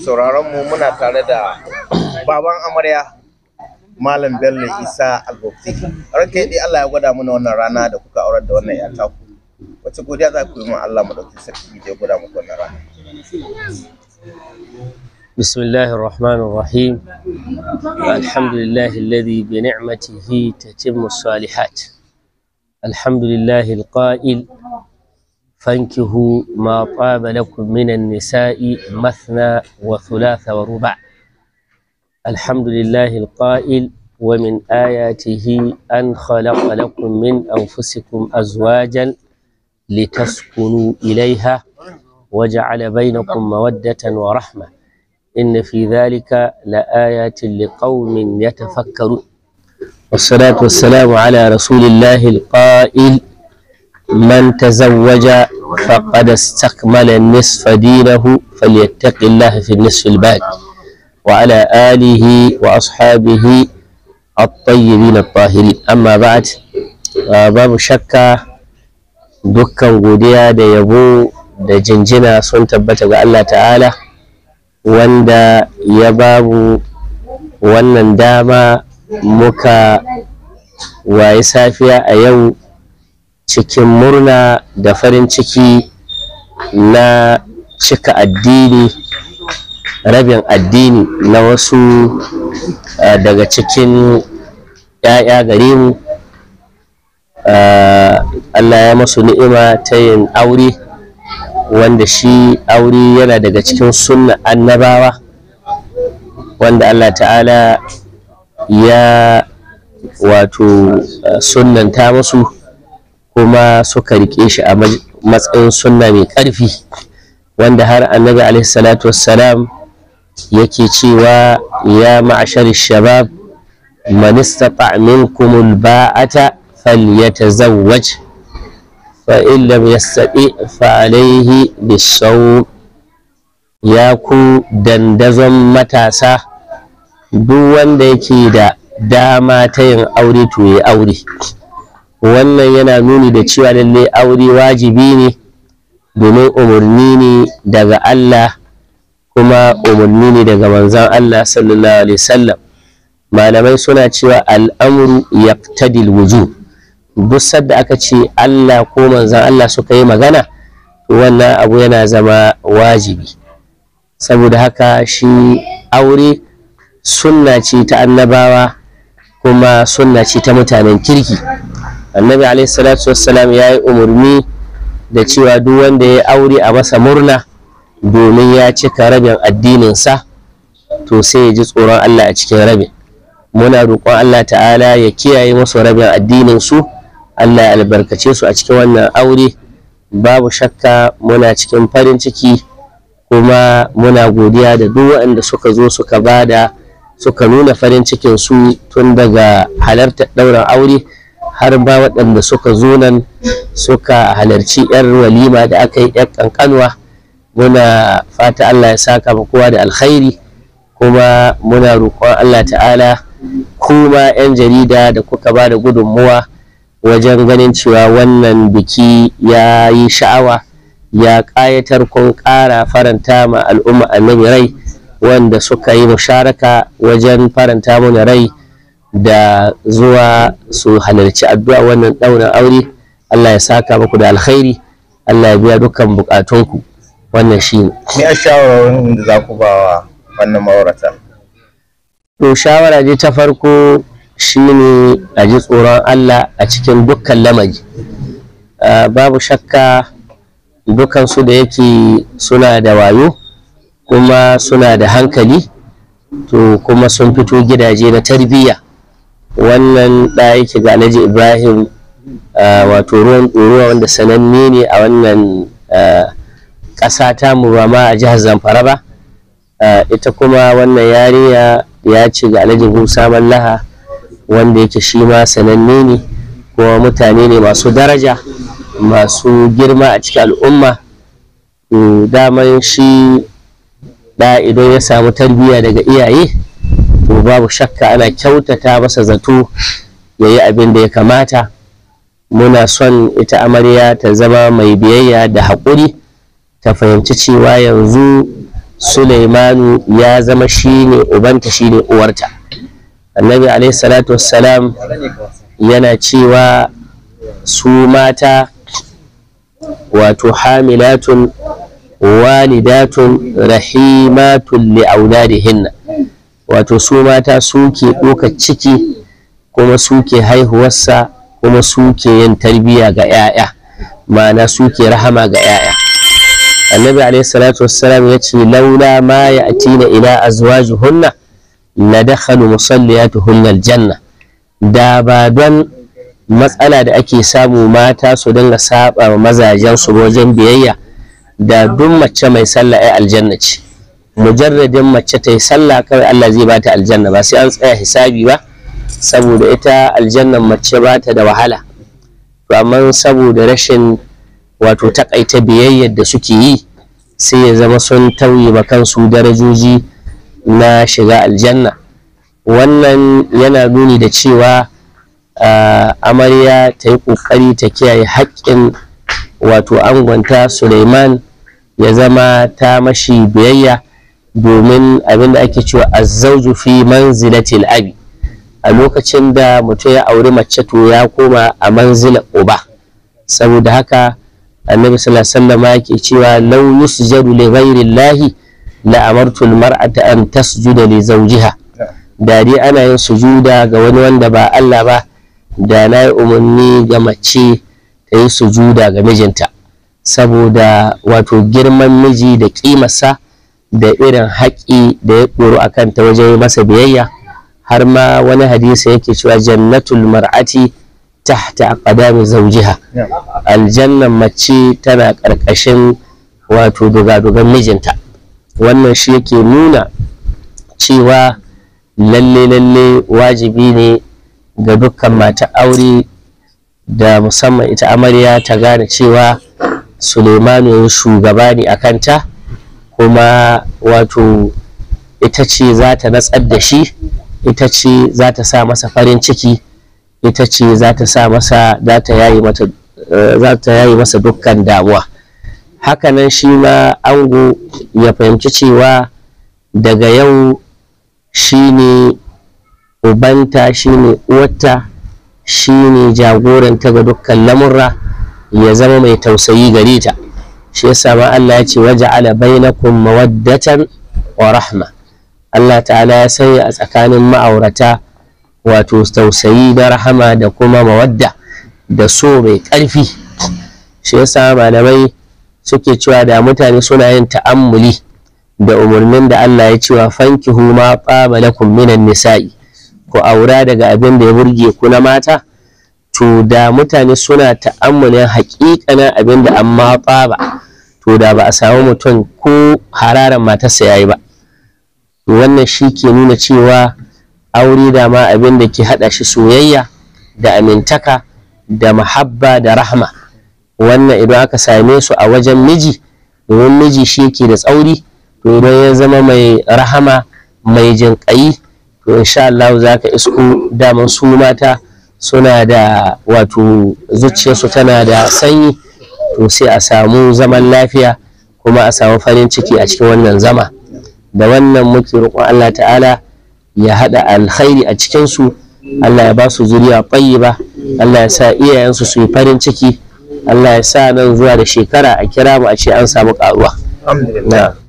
sauraron mu muna tare da baban amarya malam bello isa albokti ranke di allah ya gwada mana wannan rana da kuka aurar da wannan yata ku wace godiya za ku yi ma allah mu dauki sarki da ya gwada muku wannan rana بسم الله الرحمن الرحيم الحمد لله الذي بنعمته تتم الصالحات الحمد لله القائل فانكهوا ما طاب لكم من النساء مثنى وثلاث ورباع الحمد لله القائل ومن آياته أن خلق لكم من أنفسكم أزواجا لتسكنوا إليها وجعل بينكم مودة ورحمة إن في ذلك لآيات لقوم يتفكرون والصلاة والسلام على رسول الله القائل من تزوج فقد استكمل النصف دينه فليتق الله في النصف الباقي وعلى آله وأصحابه الطيبين الطاهرين أما بعد babu shakka dukkan godiya da yabo da jinjina sun tabbata ga Allah ta'ala wanda ya babu wannan dama muka waye safiya a yau cikin murna da farin ciki na cika addini rabin addini na wasu daga cikin ‘ya'ya gare mu Allah ya masu ni'ima ta yin aure wanda shi aure yana daga cikin sunna annabawa wanda Allah ta'ala ya wato sunanta masu. kuma suka rike shi a matsayin sunna mai ƙarfi wanda har annabi alaihi salatu wassalam yake cewa ya ma'ashar shabab man istata minkum alba'ata falyatazawwaj fa in lam yastati fa alayhi bisawm ya ku dandazon matasa duk wanda yake da dama ta yin aure to ya aure wannan yana nuni da cewa lallai aure wajibi ne domin umarni ne daga Allah kuma umarni ne daga manzan Allah sallallahu alaihi wasallam malamai suna cewa al'amru yaqtadil wujub duk da aka ce Allah ko manzan Allah suka yi magana wannan abu yana zama wajibi saboda haka shi aure sunna ce ta annabawa kuma sunna ce ta mutanen kirki annabi alaihi salatu wassalam ya yi umarni da cewa duk wanda ya aure a masa murna domin ya cika rabin addininsa to sai ya ji tsoron Allah a cikin rabin muna roƙon Allah ta'ala ya kiyaye masu rabin addinin su Allah ya albarkace su a cikin wannan aure babu shakka muna cikin farin ciki kuma muna godiya da duk waɗanda suka zo suka bada suka nuna farin cikin su tun daga halartar ɗaurin aure har ba waɗanda suka zo nan suka halarci 'yar walima da aka yi 'yar ƙanƙanwa muna fata Allah ya saka ma kowa da alkhairi kuma muna roƙon Allah ta'ala kuma 'yan jarida da kuka ba da gudunmuwa wajen ganin cewa wannan biki ya yi sha'awa ya ƙayatar kun ƙara faranta ma al'umma annabi rai wanda suka yi musharaka wajen faranta mana rai da zuwa su halarci addu'a wannan ɗaurin aure Allah ya saka muku da alkhairi Allah ya biya dukkan bukatunku wannan shi ne. Me a shawarwarin da za ku bawa wannan ma'aurata? To shawara je ta farko shi ne a ji tsoron Allah a cikin dukkan lamari. Babu shakka dukansu da yake suna da wayo kuma suna da hankali to kuma sun fito gidaje na tarbiyya. wannan da yake ga alhaji ibrahim wato ruwan ɗoruwa wanda sananne ne a wannan ƙasa ta mu ba ma a jihar zamfara ba ita kuma wannan yariya ya ce ga alhaji musa mallaha wanda yake shi ma sananne ne kuma mutane ne masu daraja masu girma a cikin al'umma daman shi da idan ya samu tarbiyya daga iyaye to babu shakka ana kyautata masa zato ya yi abin da ya kamata muna son ita amarya ta zama mai biyayya da haƙuri ta fahimci cewa yanzu suleimanu ya zama shine ubanta shine uwarta annabi alaihi salatu wassalam yana cewa su mata wato hamilatun walidatun rahimatun hinna. wato su mata suke ke ciki kuma suke ke haihuwarsa kuma suke ke yin tarbiyya ga 'ya'ya ma'ana suke rahama ga 'ya'ya annabi alaihi salatu wassalam ya ce laula ma ya atina ila azwajuhunna la dakhalu musalliyatuhunna janna. da ba don matsala da ake samu mata su dinga saba mazajen su wajen biyayya da duk mace mai sallah ai aljanna ce mujarradin mace ta yi sallah kawai Allah zai bata aljanna ba sai an tsaya hisabi ba saboda ita aljannan mace ba ta da wahala to amma saboda rashin wato takaita biyayyar da suke yi sai ya zama sun tauye ba kansu darajoji na shiga aljanna wannan yana nuni da cewa amarya ta yi ƙoƙari ta kiyaye haƙƙin wato angonta suleiman ya zama ta mashi biyayya domin abinda ake cewa azzauju fi manzilatil abi a lokacin da mutum ya auri mace to ya koma a manzilar uba saboda haka annabi sallallahu alaihi wasallam yake cewa law yusjadu li ghairi llahi la amartu almar'ata an tasjuda li zawjiha da dai ana yin sujuda ga wani wanda ba Allah ba da na yi umarni ga mace ta yi sujuda ga mijinta saboda wato girman miji da kimarsa da irin haƙƙi da ya ƙoro a kanta wajen yi masa biyayya har ma wani hadisi yake cewa jannatul mar'ati tahta aqdami zawjiha aljannan mace tana ƙarƙashin wato dugadugan mijinta wannan shi yake nuna cewa lalle lalle wajibi ne ga dukkan mata aure da musamman ita amarya ta gane cewa Suleimanu shugaba ne a kanta kuma wato ita ce za ta natsar da shi ita ce za ta sa masa farin ciki ita ce za ta sa masa za ta yayi eh, masa dukkan damuwa hakanan shi ma ango ya fahimci cewa daga yau shi ne ubanta shi ne uwarta shi ne jagoranta ga dukkan lamurra ya zama mai tausayi gare ta shi yasa ma Allah ya ce waje ala bainakum mawaddatan wa rahma Allah ta'ala ya sanya a tsakanin ma'aurata wato tausayi na rahama da kuma mawadda da so mai ƙarfi shi yasa malamai suke cewa da mutane suna yin ta'ammuli da umarnin da Allah ya cewa fankihu ma qaba lakum minan nisa'i ku aura daga abin da ya burge ku na mata to da mutane suna ta'ammulin haƙiƙanin abin da amma ba. to da ba a samu mutum ko hararan matarsa ya yi ba wannan shi ke nuna cewa aure da ma abin da ke haɗa shi soyayya da amintaka da mahabba da rahma wannan idan aka same su a wajen miji domin miji shi ke da tsauri to idan ya zama mai rahama mai jinƙayi to insha Allah za ka isko daman su mata suna da wato zuciyarsu tana da sanyi to sai a samu zaman lafiya kuma a samu farin ciki a cikin wannan zama da wannan muke roƙon Allah ta'ala ya haɗa alkhairi a cikin su Allah ya ba su zuriya ba Allah ya sa iyayensu su yi farin ciki Allah ya sa nan zuwa da shekara a kira mu a ce an samu ƙaruwa.